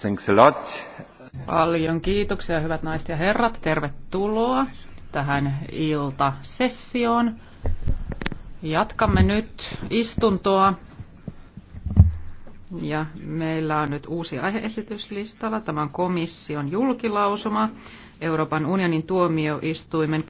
Thanks a lot. Paljon kiitoksia, hyvät naiset ja herrat. Tervetuloa tähän iltasessioon. Jatkamme nyt istuntoa. Ja meillä on nyt uusi aiheesityslistalla. Tämä on komission julkilausuma Euroopan unionin tuomioistuimen